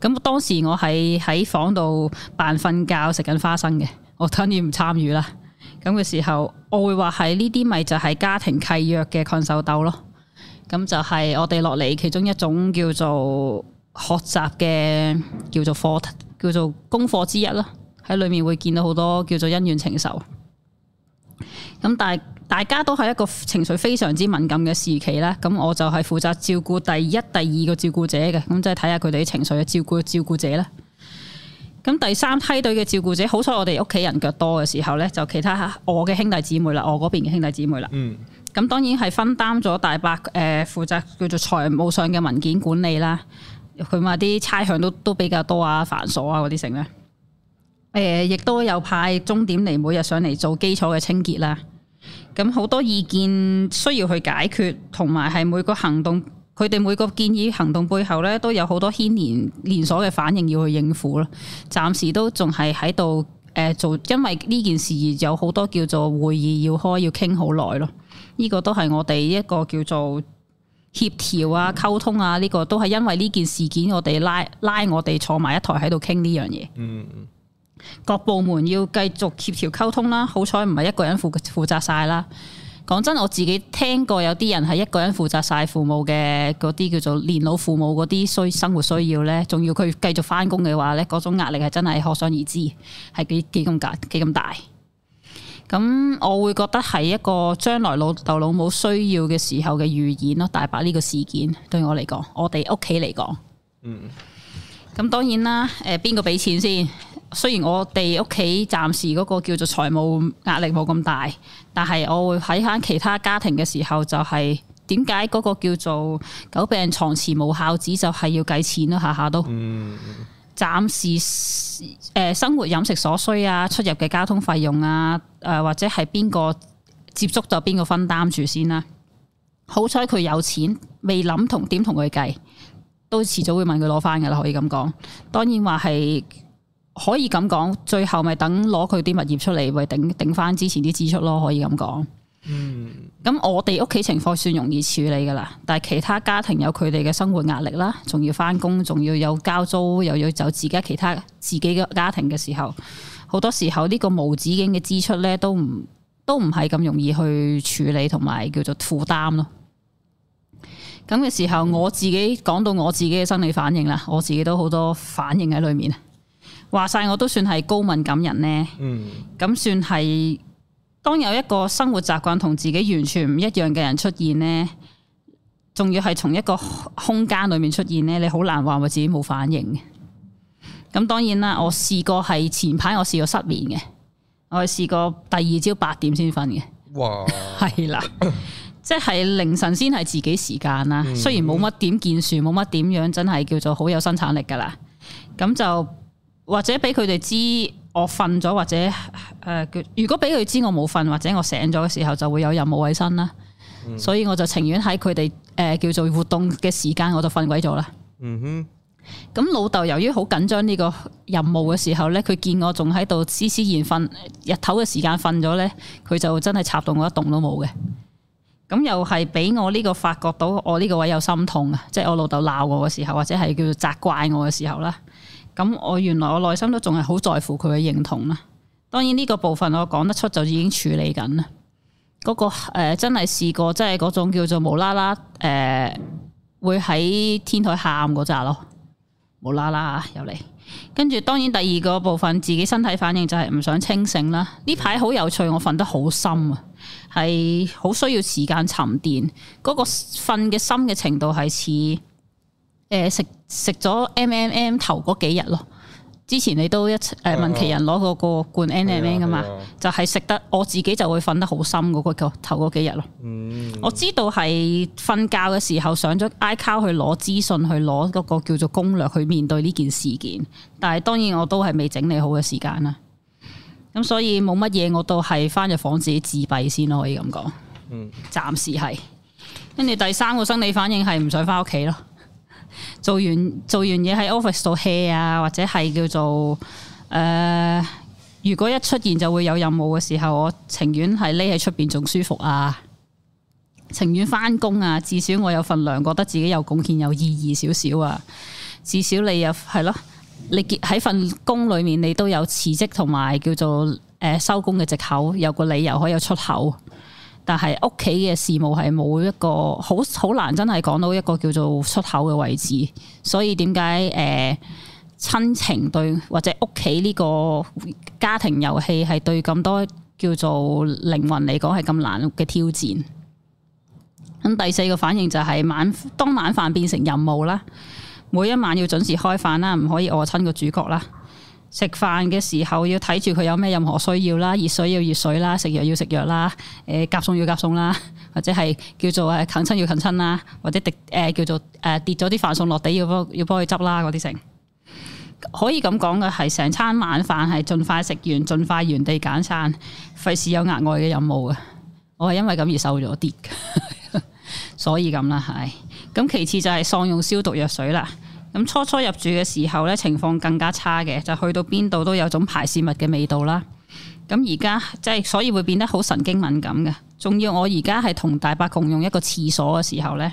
咁當時我喺喺房度扮瞓覺食緊花生嘅，我當然唔參與啦。咁嘅時候，我會話係呢啲咪就係家庭契約嘅抗手鬥咯。咁就係我哋落嚟其中一種叫做學習嘅叫做課叫做功課之一咯。喺裏面會見到好多叫做恩怨情仇。咁但係大家都係一個情緒非常之敏感嘅時期啦。咁我就係負責照顧第一、第二個照顧者嘅，咁即係睇下佢哋啲情緒嘅照顧照顧者咧。咁第三梯隊嘅照顧者，顧者好彩我哋屋企人腳多嘅時候咧，就其他我嘅兄弟姊妹啦，我嗰邊嘅兄弟姊妹啦。嗯。咁當然係分擔咗大伯誒、呃、負責叫做財務上嘅文件管理啦，佢話啲差餉都都比較多啊、繁瑣啊嗰啲成咧。誒、呃，亦都有派鐘點嚟每日上嚟做基礎嘅清潔啦。咁好多意見需要去解決，同埋係每個行動，佢哋每個建議行動背後咧都有好多牽連連鎖嘅反應要去應付咯。暫時都仲係喺度誒做，因為呢件事有好多叫做會議要開，要傾好耐咯。呢、這個都係我哋一個叫做協調啊、溝通啊，呢、這個都係因為呢件事件我，我哋拉拉我哋坐埋一枱喺度傾呢樣嘢。嗯，嗯。各部門要繼續協調溝通啦，好彩唔係一個人負負責晒啦。講真，我自己聽過有啲人係一個人負責晒父母嘅嗰啲叫做年老父母嗰啲需生活需要呢。仲要佢繼續翻工嘅話呢，嗰種壓力係真係可想而知，係幾幾咁大幾咁大。咁我會覺得係一個將來老豆老母需要嘅時候嘅預演咯。大伯呢個事件對我嚟講，我哋屋企嚟講，咁、嗯、當然啦，誒、呃，邊個俾錢先？雖然我哋屋企暫時嗰個叫做財務壓力冇咁大，但係我會睇翻其他家庭嘅時候、就是，就係點解嗰個叫做久病床前無孝子，就係、是、要計錢咯、啊，下下都。嗯。暫時誒，生活飲食所需啊，出入嘅交通費用啊，誒、呃、或者係邊個接觸到邊個分擔住先啦、啊。好彩佢有錢，未諗同點同佢計，都遲早會問佢攞翻噶啦，可以咁講。當然話係。可以咁講，最後咪等攞佢啲物業出嚟，咪頂頂翻之前啲支出咯。可以咁講，嗯。咁我哋屋企情況算容易處理噶啦，但係其他家庭有佢哋嘅生活壓力啦，仲要翻工，仲要有交租，又要走自己其他自己嘅家庭嘅時候，好多時候呢個無止境嘅支出咧，都唔都唔係咁容易去處理，同埋叫做負擔咯。咁嘅時候，我自己講到我自己嘅生理反應啦，我自己都好多反應喺裏面。話晒我都算係高敏感人呢。咁、嗯、算係當有一個生活習慣同自己完全唔一樣嘅人出現呢，仲要係從一個空間裏面出現呢，你好難話我自己冇反應嘅。咁當然啦，我試過係前排我試過失眠嘅，我試過第二朝八點先瞓嘅。哇，係啦，即係凌晨先係自己時間啦。嗯、雖然冇乜點見樹，冇乜點樣，真係叫做好有生產力噶啦。咁就。或者俾佢哋知我瞓咗，或者誒、呃，如果俾佢知我冇瞓，或者我醒咗嘅時候，就會有任務衞生啦。嗯、所以我就情願喺佢哋誒叫做活動嘅時間，我就瞓鬼咗啦。嗯哼。咁老豆由於好緊張呢個任務嘅時候咧，佢見我仲喺度黐黐然瞓日頭嘅時間瞓咗咧，佢就真係插到我一動都冇嘅。咁又係俾我呢個發覺到我呢個位有心痛啊！即、就、係、是、我老豆鬧我嘅時候，或者係叫做責怪我嘅時候啦。咁我原來我內心都仲係好在乎佢嘅認同啦。當然呢個部分我講得出就已經處理緊啦。嗰、那個誒、呃、真係試過，即係嗰種叫做無啦啦誒，會喺天台喊嗰扎咯，無啦啦又嚟。跟 住無 無 當然第二個部分，自己身體反應就係唔想清醒啦。呢排好有趣，我瞓得好深啊，係好需要時間沉澱。嗰、那個瞓嘅深嘅程度係似。誒，食食咗 M M M 頭嗰幾日咯，之前你都一誒、呃、問其人攞嗰個罐、MM、M M M 噶嘛，啊啊、就係食得我自己就會瞓得好深嗰、嗰個頭嗰幾日咯。嗯、我知道係瞓覺嘅時候上咗 Icar 去攞資訊，去攞嗰個叫做攻略去面對呢件事件，但係當然我都係未整理好嘅時間啦。咁所以冇乜嘢，我都係翻入房自己自閉先咯，可以咁講。嗯，暫時係。跟住第三個生理反應係唔想翻屋企咯。做完做完嘢喺 office 度 hea 啊，或者係叫做誒、呃，如果一出現就會有任務嘅時候，我情願係匿喺出邊仲舒服啊，情願翻工啊，至少我有份糧，覺得自己有貢獻有意義少少啊，至少你又係咯，你結喺份工裏面，你都有辭職同埋叫做誒、呃、收工嘅借口，有個理由可以出口。但係屋企嘅事務係冇一個好好難，真係講到一個叫做出口嘅位置。所以點解誒親情對或者屋企呢個家庭遊戲係對咁多叫做靈魂嚟講係咁難嘅挑戰？咁第四個反應就係、是、晚當晚飯變成任務啦，每一晚要準時開飯啦，唔可以餓親個主角啦。食飯嘅時候要睇住佢有咩任何需要啦，熱水要熱水啦，食藥要食藥啦，誒夾餸要夾餸啦，或者係叫做誒啃親要啃親啦，或者跌誒、呃、叫做誒、呃、跌咗啲飯餸落地要幫要幫佢執啦，嗰啲成可以咁講嘅係成餐晚飯係盡快食完，盡快原地解散，費事有額外嘅任務啊！我係因為咁而瘦咗啲， 所以咁啦係。咁其次就係喪用消毒藥水啦。咁初初入住嘅時候咧，情況更加差嘅，就去到邊度都有種排泄物嘅味道啦。咁而家即係所以會變得好神經敏感嘅。仲要我而家係同大伯共用一個廁所嘅時候咧，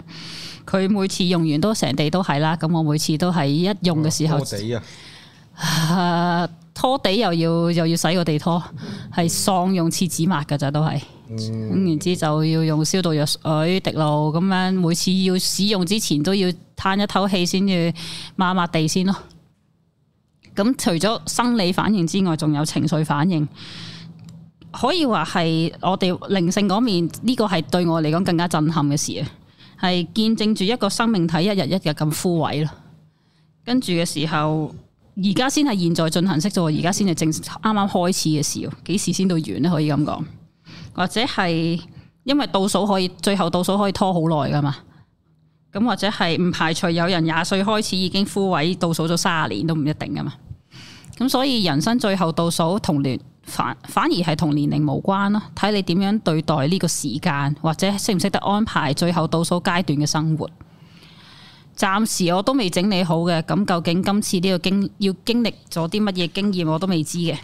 佢每次用完都成地都係啦。咁我每次都係一用嘅時候。啊拖地又要又要洗個地拖，係喪用廁紙抹，噶咋都係，咁然之就要用消毒藥水滴露，咁樣，每次要使用之前都要嘆一口氣先至抹抹地先咯。咁除咗生理反應之外，仲有情緒反應，可以話係我哋靈性嗰面呢個係對我嚟講更加震撼嘅事啊！係見證住一個生命體一日一日咁枯萎咯，跟住嘅時候。而家先係現在進行式，咋而家先係正啱啱開始嘅事，幾時先到完呢？可以咁講，或者係因為倒數可以最後倒數可以拖好耐噶嘛？咁或者係唔排除有人廿歲開始已經枯萎，倒數咗三十年都唔一定噶嘛？咁所以人生最後倒數同年反反而係同年齡無關咯，睇你點樣對待呢個時間，或者識唔識得安排最後倒數階段嘅生活。暫時我都未整理好嘅，咁究竟今次呢個經要經歷咗啲乜嘢經驗，我都未知嘅。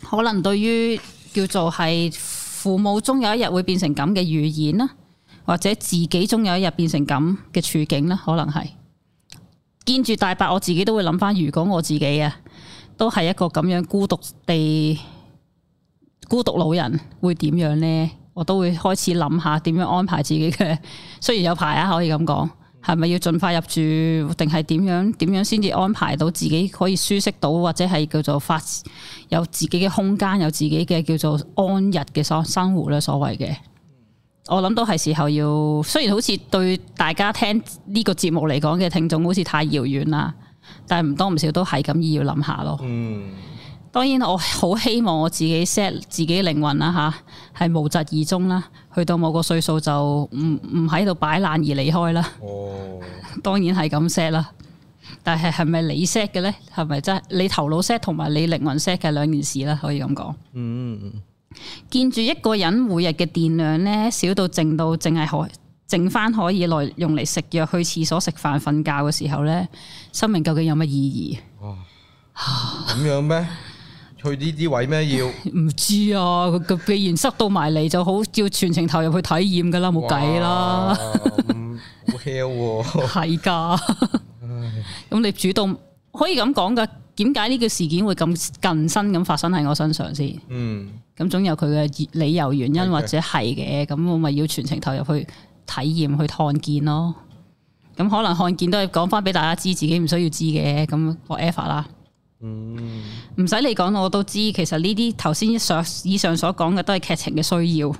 可能對於叫做係父母終有一日會變成咁嘅預言啦，或者自己終有一日變成咁嘅處境啦，可能係見住大伯，我自己都會諗翻，如果我自己啊，都係一個咁樣孤獨地孤獨老人，會點樣呢？我都會開始諗下點樣安排自己嘅。雖然有排啊，可以咁講。係咪要盡快入住，定係點樣點樣先至安排到自己可以舒適到，或者係叫做發有自己嘅空間，有自己嘅叫做安逸嘅所生活咧？所謂嘅，我諗都係時候要，雖然好似對大家聽呢個節目嚟講嘅聽眾好似太遙遠啦，但係唔多唔少都係咁要諗下咯。嗯。當然我好希望我自己 set 自己靈魂啦吓，係無疾而終啦，去到某個歲數就唔唔喺度擺爛而離開啦。哦，當然係咁 set 啦，但係係咪你 set 嘅咧？係咪真係你頭腦 set 同埋你靈魂 set 嘅兩件事啦？可以咁講。嗯，見住一個人每日嘅電量咧，少到剩到淨係可剩翻可以用來用嚟食藥、去廁所、食飯、瞓覺嘅時候咧，生命究竟有乜意義？哇、哦，咁樣咩？ 去呢啲位咩？要唔、哎、知啊？佢既然塞到埋嚟，就好要全程投入去體驗噶啦，冇計啦。好 care 喎，係噶 的。咁唉你主動可以咁講噶？點解呢個事件會咁近身咁發生喺我身上先？嗯。咁總有佢嘅理由原因的或者係嘅，咁我咪要全程投入去體驗去看見咯。咁可能看見都係講翻俾大家知，自己唔需要知嘅，咁我 ever 啦。唔使你講，我都知。其實呢啲頭先所以上所講嘅都係劇情嘅需要。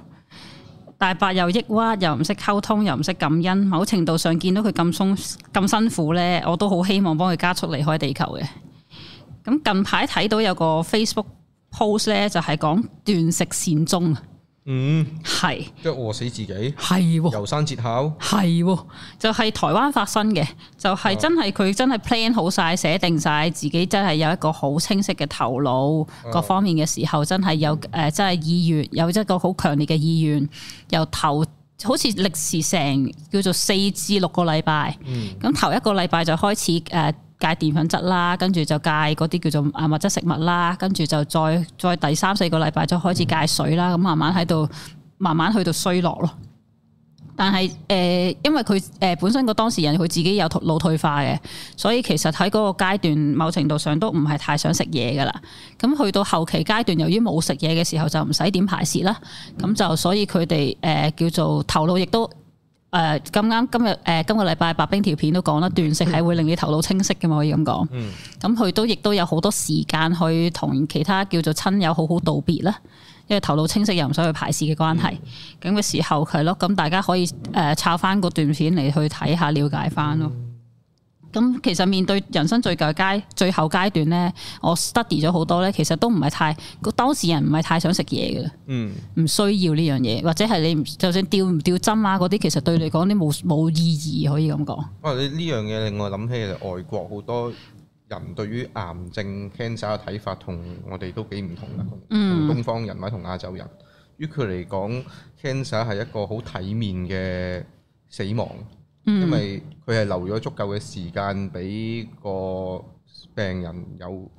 大伯又抑鬱，又唔識溝通，又唔識感恩。某程度上見到佢咁松咁辛苦呢，我都好希望幫佢加速離開地球嘅。咁近排睇到有個 Facebook post 呢，就係講斷食善終。嗯，係是，即係餓死自己，係、哦，又生折考，係、哦，就係、是、台灣發生嘅，就係、是、真係佢真係 plan 好晒，寫定晒，自己真係有一個好清晰嘅頭腦，哦、各方面嘅時候真係有誒、嗯呃，真係意願，有一個好強烈嘅意願，由頭好似歷時成叫做四至六個禮拜，咁、嗯、頭一個禮拜就開始誒。呃戒澱粉質啦，跟住就戒嗰啲叫做啊物質食物啦，跟住就再再第三四個禮拜就開始戒水啦，咁慢慢喺度慢慢去到衰落咯。但係誒、呃，因為佢誒、呃、本身個當事人佢自己有腦退化嘅，所以其實喺嗰個階段，某程度上都唔係太想食嘢噶啦。咁去到後期階段，由於冇食嘢嘅時候就唔使點排泄啦，咁就所以佢哋誒叫做頭腦亦都。誒咁啱今日誒、呃、今個禮拜白兵條片都講啦，斷食係會令你頭腦清晰嘅嘛，可以咁講。咁佢都亦都有好多時間去同其他叫做親友好好道別啦，因為頭腦清晰又唔想去排泄嘅關係。咁嘅 時候係咯，咁大家可以誒抄翻嗰段片嚟去睇下，了解翻咯。咁其實面對人生最舊階最後階段咧，我 study 咗好多咧，其實都唔係太個當事人唔係太想食嘢嘅，嗯，唔需要呢樣嘢，或者係你就算吊唔吊針啊嗰啲，其實對你講都冇冇意義，可以咁講。哇！你呢樣嘢令我諗起嚟外國好多人對於癌症 cancer 嘅睇法我同我哋都幾唔同嘅，同東方人或者同亞洲人，於佢嚟講 cancer 係一個好體面嘅死亡。因為佢係留咗足夠嘅時間俾個病人有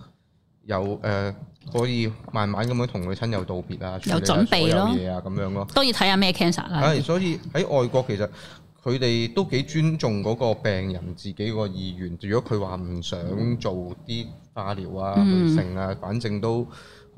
有誒、呃、可以慢慢咁樣同佢親友道別啊，有準備咯，嘢啊咁樣咯，都要睇下咩 cancer 啊。係，所以喺外國其實佢哋都幾尊重嗰個病人自己個意願。如果佢話唔想做啲化療啊、佢剩啊，反正都。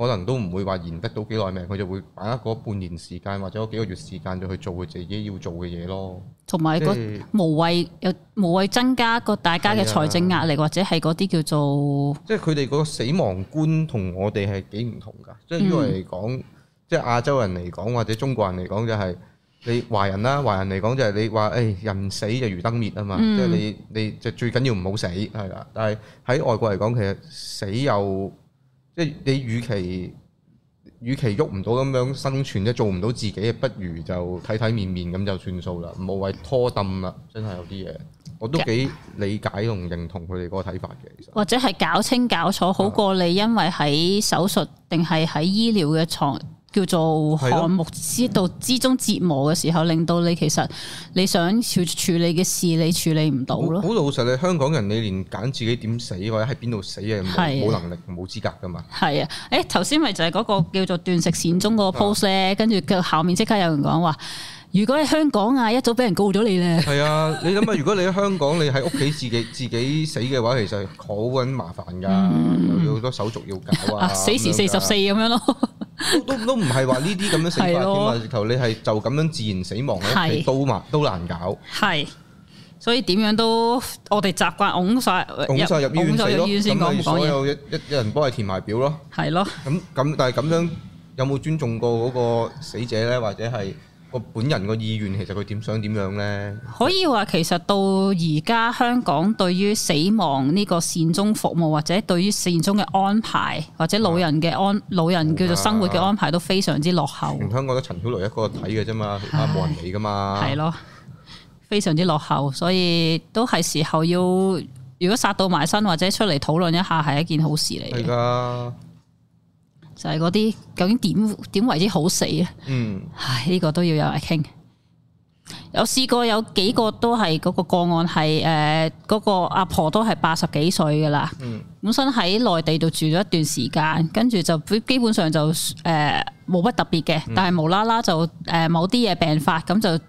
可能都唔會話延得到幾耐命，佢就會把握嗰半年時間或者嗰幾個月時間就去做佢自己要做嘅嘢咯。同埋嗰無謂又無謂增加個大家嘅財政壓力，或者係嗰啲叫做即係佢哋嗰個死亡觀同我哋係幾唔同㗎。即係呢個嚟講，即係亞洲人嚟講，或者中國人嚟講就係你華人啦，華人嚟講就係你話誒人死就如燈滅啊嘛，即係你你就最緊要唔好死係啦。但係喺外國嚟講，其實死又～即係你與，與其與其喐唔到咁樣生存，即係做唔到自己，不如就睇睇面面咁就算數啦，冇為拖冧啦，真係有啲嘢，我都幾理解同認同佢哋嗰個睇法嘅。其實或者係搞清搞楚，好過你因為喺手術定係喺醫療嘅牀。叫做項目之道之中折磨嘅時候，令到你其實你想去處理嘅事，你處理唔到咯。好老實，你香港人，你連揀自己點死或者喺邊度死是啊，冇能力、冇資格噶嘛。係啊，誒、欸，頭先咪就係嗰個叫做斷食善終嗰個 p o s e 咧，跟住佢下面即刻有人講話：，如果喺香港啊，一早俾人告咗你咧。係啊，你諗下，如果你喺香港，你喺屋企自己 自己死嘅話，其實好撚麻煩噶，嗯、有好多手續要搞啊， 死時四十四咁樣咯。都都唔係話呢啲咁樣死法添嘛，直頭的你係就咁樣自然死亡咧，喺屋企都難搞。係，所以點樣都我哋習慣㧬晒，㧬晒入醫院，醫院先講講所有一一人幫你填埋表咯，係咯的。咁咁，但係咁樣有冇尊重過嗰個死者咧，或者係？個本人個意願其實佢點想點樣呢？可以話其實到而家香港對於死亡呢個善終服務，或者對於善終嘅安排，或者老人嘅安老人叫做生活嘅安排、啊、都非常之落後。全香港都陳曉蕾一個睇嘅啫嘛，其他冇人理噶嘛。係咯，非常之落後，所以都係時候要，如果殺到埋身或者出嚟討論一下，係一件好事嚟嘅。就係嗰啲究竟點點為之好死啊？嗯、唉，呢個都要有人傾。有試過有幾個都係嗰個個案係誒嗰個阿婆都係八十幾歲噶啦，嗯、本身喺內地度住咗一段時間，跟住就基本上就誒冇乜特別嘅，但係無啦啦就誒、呃、某啲嘢病發咁就。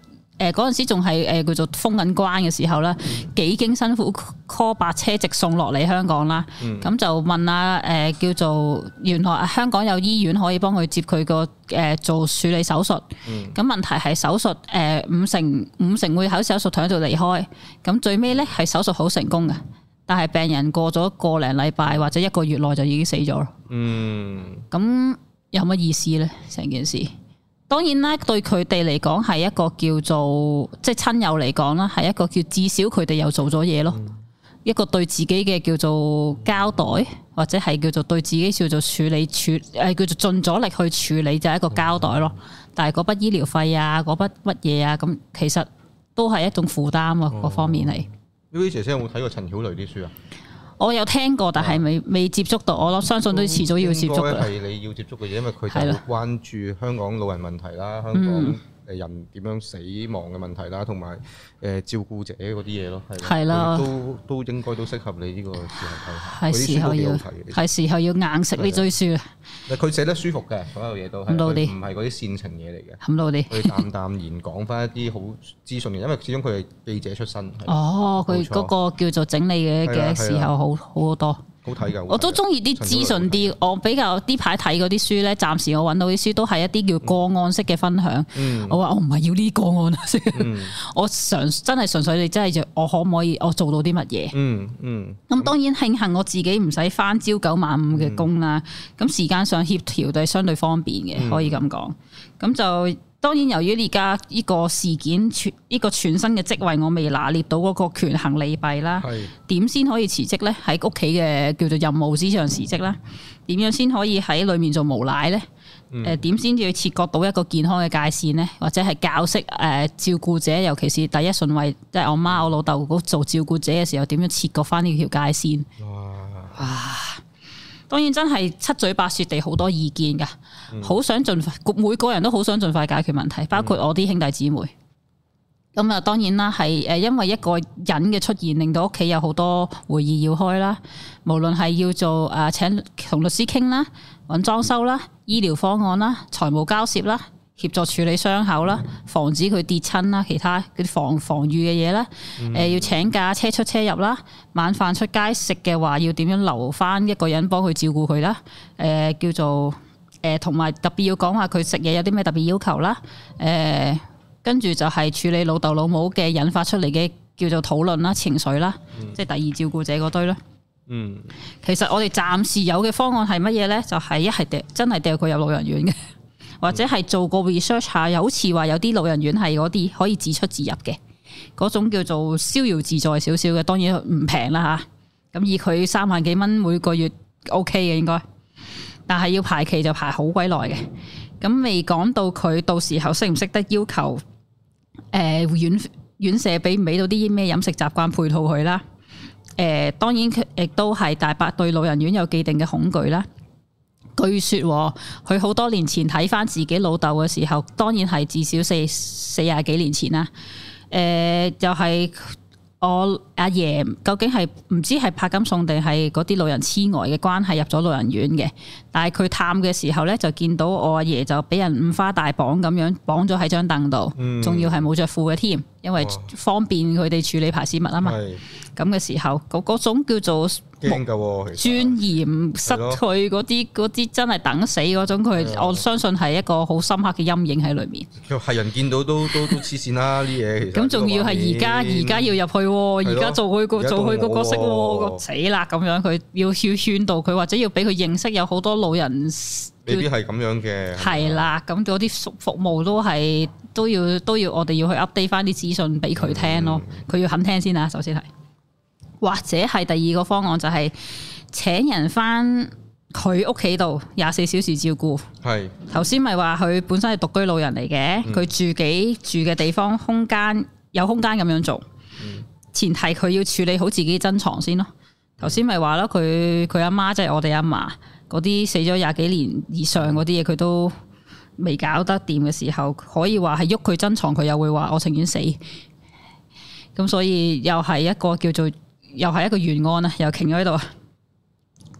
嗰陣、呃、時仲係誒叫做封緊關嘅時候啦，嗯、幾經辛苦，call 白車直送落嚟香港啦。咁、嗯、就問啊，誒、呃、叫做原來香港有醫院可以幫佢接佢個誒做處理手術。咁、嗯、問題係手術誒、呃、五成五成會喺手術台度離開，咁最尾咧係手術好成功嘅，但係病人過咗個零禮拜或者一個月內就已經死咗。嗯，咁有乜意思咧？成件事？當然啦，對佢哋嚟講係一個叫做，即係親友嚟講啦，係一個叫至少佢哋又做咗嘢咯，一個對自己嘅叫做交代，或者係叫做對自己叫做處理處，誒叫做盡咗力去處理就係一個交代咯。但係嗰筆醫療費啊，嗰筆乜嘢啊，咁其實都係一種負擔啊，嗯、各方面嚟。呢位姐姐有冇睇過陳曉蕾啲書啊？我有聽過，但係未未接觸到我，我相信都遲早要接觸嘅。應該係你要接觸嘅嘢，因為佢就關注香港老人問題啦，的香港。嗯誒人點樣死亡嘅問題啦，同埋誒照顧者嗰啲嘢咯，係啦的，都都應該都適合你呢個時候睇下。係時候要係時候要硬食呢堆書啦。佢寫得舒服嘅，所有嘢都到啲，唔係嗰啲煽情嘢嚟嘅。冚到啲。佢淡淡然講翻一啲好資訊嘅，因為始終佢係記者出身。哦，佢嗰錯個叫做整理嘅嘅時候好，好好多。我都中意啲資訊啲。我比較啲排睇嗰啲書呢，暫時我揾到啲書都係一啲叫個案式嘅分享。嗯、我話我唔係要呢個案式， 嗯、我純真係純粹你真係我可唔可以我做到啲乜嘢？嗯嗯。咁當然慶幸我自己唔使返朝九晚五嘅工啦。咁、嗯、時間上協調都係相對方便嘅，嗯、可以咁講。咁就。當然，由於而家呢個事件，呢個全新嘅職位，我未拿捏到嗰個權衡利弊啦。點先是可以辭職呢？喺屋企嘅叫做任務之上辭職啦。點樣先可以喺裏面做無賴呢？誒，點先至要切割到一個健康嘅界線呢？或者係教識誒、呃、照顧者，尤其是第一順位，即係我媽、我老豆嗰個做照顧者嘅時候，點樣切割翻呢條界線？哇！啊當然真係七嘴八舌地好多意見㗎，好想盡快，每個人都好想盡快解決問題，包括我啲兄弟姊妹。咁啊，當然啦，係誒，因為一個人嘅出現，令到屋企有好多會議要開啦，無論係要做誒、呃，請同律師傾啦，搵裝修啦，醫療方案啦，財務交涉啦。協助處理傷口啦，防止佢跌親啦，其他啲防防禦嘅嘢啦。誒、嗯呃，要請假車出車入啦，晚飯出街食嘅話，要點樣留翻一個人幫佢照顧佢啦？誒、呃，叫做誒，同、呃、埋特別要講下佢食嘢有啲咩特別要求啦？誒、呃，跟住就係處理老豆老母嘅引發出嚟嘅叫做討論啦、情緒啦，嗯、即係第二照顧者嗰堆啦。嗯，其實我哋暫時有嘅方案係乜嘢咧？就係、是、一係掉，真係掉佢入老人院嘅。或者係做個 research 下，又好似話有啲老人院係嗰啲可以自出自入嘅嗰種叫做逍遙自在少少嘅，當然唔平啦嚇。咁、啊、以佢三萬幾蚊每個月 OK 嘅應該，但係要排期就排好鬼耐嘅。咁未講到佢到時候識唔識得要求，誒院院舍俾唔俾到啲咩飲食習慣配套佢啦。誒、呃、當然亦都係大伯對老人院有既定嘅恐懼啦。據說佢好多年前睇返自己老豆嘅時候，當然係至少四四廿幾年前啦。誒、呃，就係、是、我阿爺，究竟係唔知係柏金遜定係嗰啲老人痴呆嘅關係入咗老人院嘅。但係佢探嘅時候咧，就見到我阿爺就俾人五花大綁咁樣綁咗喺張凳度，仲、嗯、要係冇着褲嘅添。因為方便佢哋處理排泄物啊嘛，咁嘅是時候嗰嗰種叫做、啊、尊嚴失去嗰啲嗰啲真係等死嗰種佢，的我相信係一個好深刻嘅陰影喺裏面。係人見到都都都黐線啦啲嘢，咁仲 要係而家而家要入去，而家的做佢，嗰個做佢個角色，的死啦咁樣佢要要勸導佢，或者要俾佢認識有好多老人。呢啲係咁樣嘅，係啦叫，咁嗰啲服服務都係都要都要我哋要去 update 翻啲資訊俾佢聽咯，佢、嗯、要肯聽先啊，首先係，或者係第二個方案就係請人翻佢屋企度廿四小時照顧，係頭先咪話佢本身係獨居老人嚟嘅，佢、嗯、住幾住嘅地方空間有空間咁樣做，嗯、前提佢要處理好自己珍藏先咯，頭先咪話啦，佢佢阿媽即係我哋阿嫲。嗰啲死咗廿幾年以上嗰啲嘢，佢都未搞得掂嘅時候，可以話係喐佢珍藏，佢又會話我情願死。咁所以又係一個叫做又係一個懸案啊！又停咗喺度。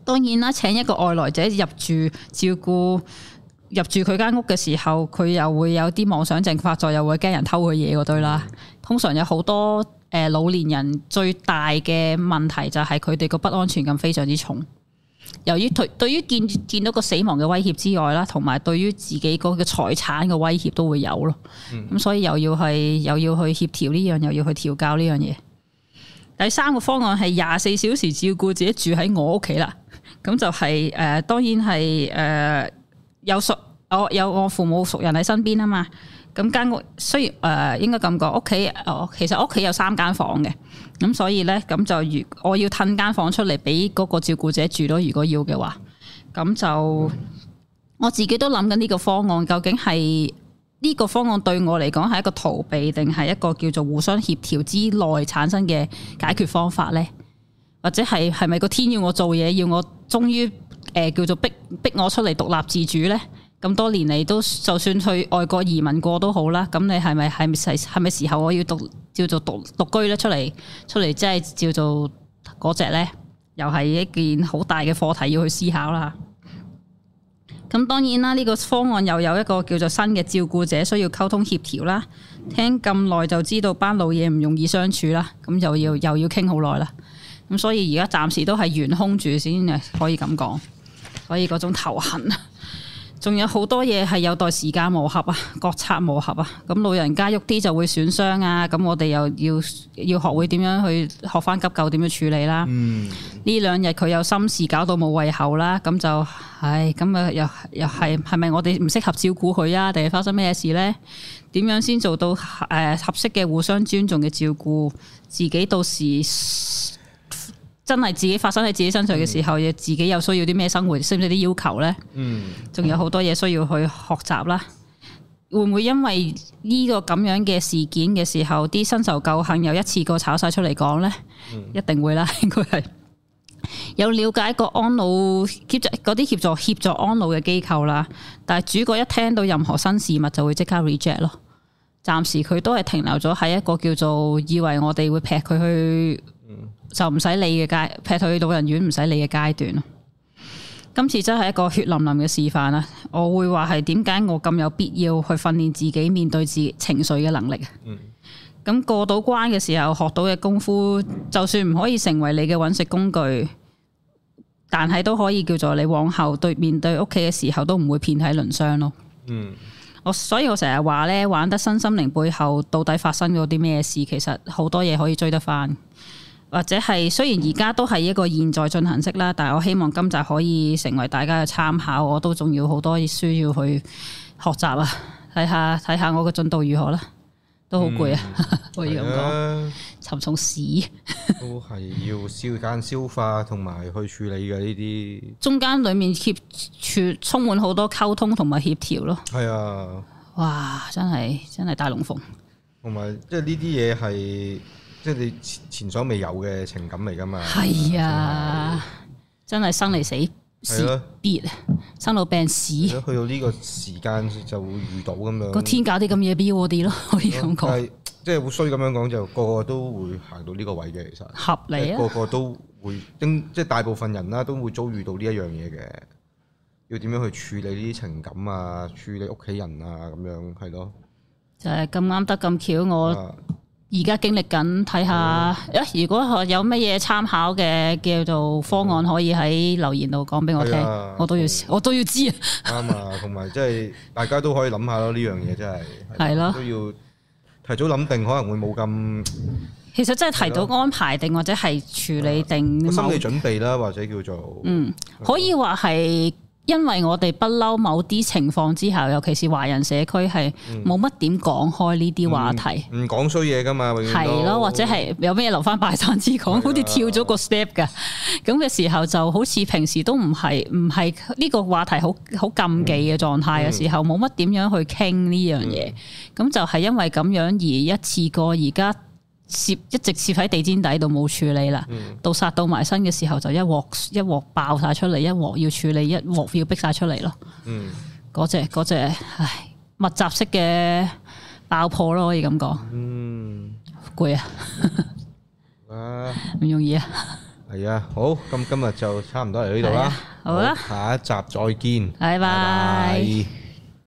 當然啦，請一個外來者入住照顧，入住佢間屋嘅時候，佢又會有啲妄想症發作，又會驚人偷佢嘢嗰堆啦。通常有好多誒、呃、老年人最大嘅問題就係佢哋個不安全感非常之重。由於對對於見見到個死亡嘅威脅之外啦，同埋對於自己嗰個財產嘅威脅都會有咯，咁、嗯、所以又要係又要去協調呢樣，又要去調教呢樣嘢。第三個方案係廿四小時照顧自己住喺我屋企啦，咁就係、是、誒、呃、當然係誒、呃、有熟我、哦、有我父母熟人喺身邊啊嘛。咁間屋，雖然誒應該咁講，屋企哦，其實屋企有三間房嘅，咁所以咧，咁就如我要騰間房出嚟俾嗰個照顧者住咯，如果要嘅話，咁就我自己都諗緊呢個方案，究竟係呢個方案對我嚟講係一個逃避，定係一個叫做互相協調之內產生嘅解決方法咧？或者係係咪個天要我做嘢，要我終於誒、呃、叫做逼逼我出嚟獨立自主咧？咁多年嚟，都，就算去外國移民過都好啦。咁你係咪係係咪時候我要讀叫做讀讀居咧，出嚟，出嚟即係叫做嗰隻咧？又係一件好大嘅課題要去思考啦。咁當然啦，呢、這個方案又有一個叫做新嘅照顧者需要溝通協調啦。聽咁耐就知道班老嘢唔容易相處啦。咁又要又要傾好耐啦。咁所以而家暫時都係懸空住先，可以咁講。所以嗰種頭痕。仲有好多嘢係有待時間磨合啊，覺察磨合啊。咁老人家喐啲就會損傷啊。咁我哋又要要學會點樣去學翻急救、點樣處理啦、啊。呢兩日佢有心事搞到冇胃口啦，咁就唉咁啊，又又係係咪我哋唔適合照顧佢啊？定係發生咩事咧？點樣先做到誒、呃、合適嘅互相尊重嘅照顧自己？到時。真係自己發生喺自己身上嘅時候，嘢、mm. 自己又需要啲咩生活，識唔識啲要求呢？嗯，仲有好多嘢需要去學習啦。Mm. 會唔會因為呢個咁樣嘅事件嘅時候，啲新仇舊恨又一次過炒晒出嚟講呢？Mm. 一定會啦，應該係有了解過安老協嗰啲協助協助安老嘅機構啦。但係主角一聽到任何新事物，就會即刻 reject 咯。暫時佢都係停留咗喺一個叫做以為我哋會劈佢去就唔使理嘅階劈去老人院唔使理嘅階段，今次真係一個血淋淋嘅示範啦。我會話係點解我咁有必要去訓練自己面對自情緒嘅能力啊？咁、嗯、過到關嘅時候學到嘅功夫，就算唔可以成為你嘅搵食工具，但係都可以叫做你往後對面對屋企嘅時候都唔會遍體鱗傷咯。我、嗯、所以我成日話呢，玩得身心靈背後到底發生咗啲咩事？其實好多嘢可以追得翻。或者係雖然而家都係一個現在進行式啦，但我希望今集可以成為大家嘅參考。我都仲要好多嘢需要去學習啊，睇下睇下我嘅進度如何啦，都好攰啊，可以咁講， 樣啊、沉重屎都係要消，間消化、消化同埋去處理嘅呢啲中間裏面協處充滿好多溝通同埋協調咯，係啊，哇，真係真係大龍鳳，同埋即係呢啲嘢係。即係你前所未有嘅情感嚟噶嘛？係啊，就是，真係生離死，係咯了，別生老病死。去到呢個時間就會遇到咁樣。個天搞啲咁嘢俾我哋咯，可以咁講。即係好衰咁樣講，就個個都會行到呢個位嘅，其實合理啊。個個都會，即、就、係、是、大部分人啦，都會遭遇到呢一樣嘢嘅。要點樣去處理呢啲情感啊？處理屋企人啊？咁樣係咯。就係咁啱得咁巧，我、啊。而家經歷緊，睇下誒，如果學有乜嘢參考嘅叫做方案，可以喺留言度講俾我聽，我都要，我都要知。啱啊，同埋即係大家都可以諗下咯，呢樣嘢真係係咯，都要提早諗定，可能會冇咁。其實真係提早安排定或者係處理定，心理準備啦，或者叫做嗯，可以話係。因為我哋不嬲某啲情況之下，尤其是華人社區，係冇乜點講開呢啲話題，唔講衰嘢噶嘛，係咯，或者係有咩留翻拜山之講，的好似跳咗個 step 噶。咁嘅時候就好似平時都唔係唔係呢個話題好好禁忌嘅狀態嘅時候，冇乜點樣去傾呢樣嘢。咁、嗯、就係因為咁樣而一次過而家。攝一直攝喺地氈底度冇處理啦，嗯、到殺到埋身嘅時候就一鑊一鑊爆晒出嚟，一鑊要處理，一鑊要逼晒出嚟咯。嗰隻嗰隻，唉，密集式嘅爆破咯，可以咁講。嗯，攰累啊，唔 容易啊。係啊，好，咁今日就差唔多嚟呢度啦。好啦，下一集再見。拜拜 bye。Bye bye